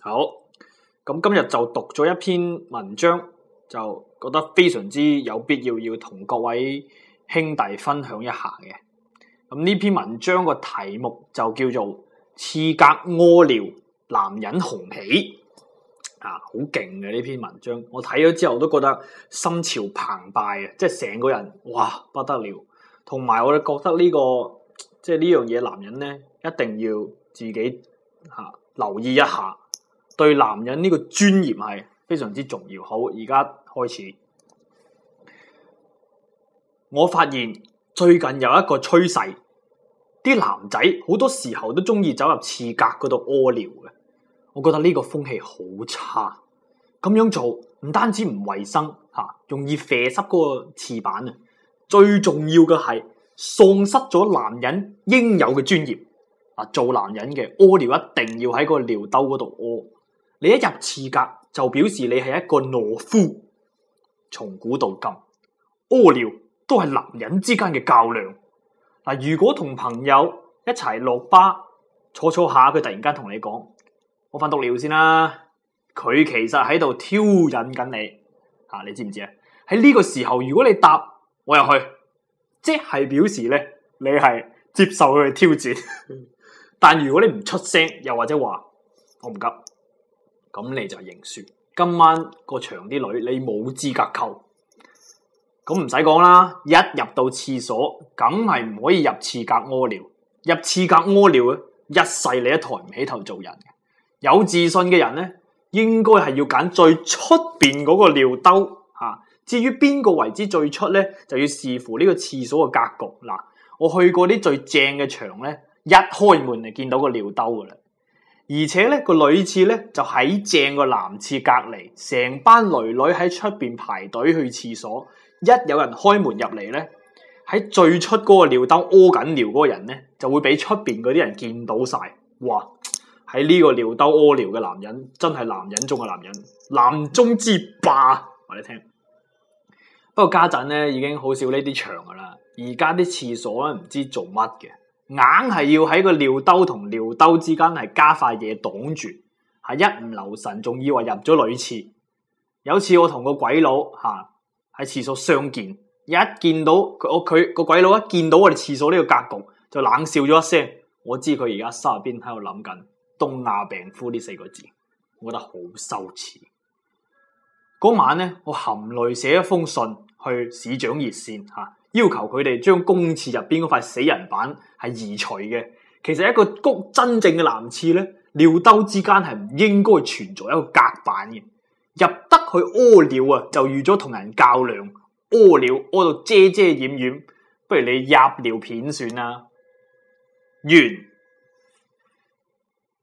好咁，今日就讀咗一篇文章，就覺得非常之有必要要同各位兄弟分享一下嘅。咁呢篇文章個題目就叫做《刺格屙尿》，男人雄起啊，好勁嘅呢篇文章。我睇咗之後都覺得心潮澎湃啊，即係成個人哇不得了。同埋我哋覺得呢個即係呢樣嘢，男人咧一定要自己吓、啊、留意一下。對男人呢個專業係非常之重要。好，而家開始，我發現最近有一個趨勢，啲男仔好多時候都中意走入廁格嗰度屙尿嘅。我覺得呢個風氣好差，咁樣做唔單止唔衛生吓，容易啡濕嗰個廁板啊。最重要嘅係喪失咗男人應有嘅專業。啊，做男人嘅屙尿一定要喺個尿兜嗰度屙。你一入廁格就表示你係一個懦夫。從古到今屙尿都係男人之間嘅較量。嗱，如果同朋友一齊落巴坐坐下，佢突然間同你講：我瞓篤尿先啦。佢其實喺度挑釁緊你，吓你知唔知啊？喺呢個時候，如果你答我又去，即係表示咧你係接受佢嘅挑戰。 但如果你唔出聲，又或者話我唔急。咁你就係認輸。今晚個場啲女，你冇資格溝。咁唔使講啦，一入到廁所，梗係唔可以入廁格屙尿。入廁格屙尿啊，一世你一抬唔起頭做人。有自信嘅人呢，應該係要揀最出邊嗰個尿兜吓。啊，至於邊個位置最出呢，就要視乎呢個廁所嘅格局。嗱，我去過啲最正嘅場呢，一開門就見到個尿兜噶啦。而且咧個女廁咧就喺正個男廁隔籬，成班女女喺出邊排隊去廁所，一有人開門入嚟，咧，喺最出嗰個尿兜屙緊尿嗰個人咧，就會俾出邊嗰啲人見到晒。哇！喺呢個尿兜屙尿嘅男人，真係男人中嘅男人，男中之霸。話你聽，不過家陣咧已經好少呢啲場噶啦，而家啲廁所咧唔知做乜嘅。硬係要喺個尿兜同尿兜之間係加塊嘢擋住，係一唔留神仲以為入咗女廁。有次我同個鬼佬吓喺廁所相見，一見到佢我佢個鬼佬一見到我哋廁所呢個格局，就冷笑咗一聲。我知佢而家心入邊喺度諗緊東亞病夫呢四個字，我覺得好羞恥。嗰晚呢，我含淚寫一封信去市長熱線吓。啊要求佢哋將公廁入邊嗰塊死人板係移除嘅，其實一個谷真正嘅男廁咧，尿兜之間係唔應該存在一個隔板嘅，入得去屙尿啊，就預咗同人較量，屙尿屙到遮遮掩掩，不如你入尿片算啦，完。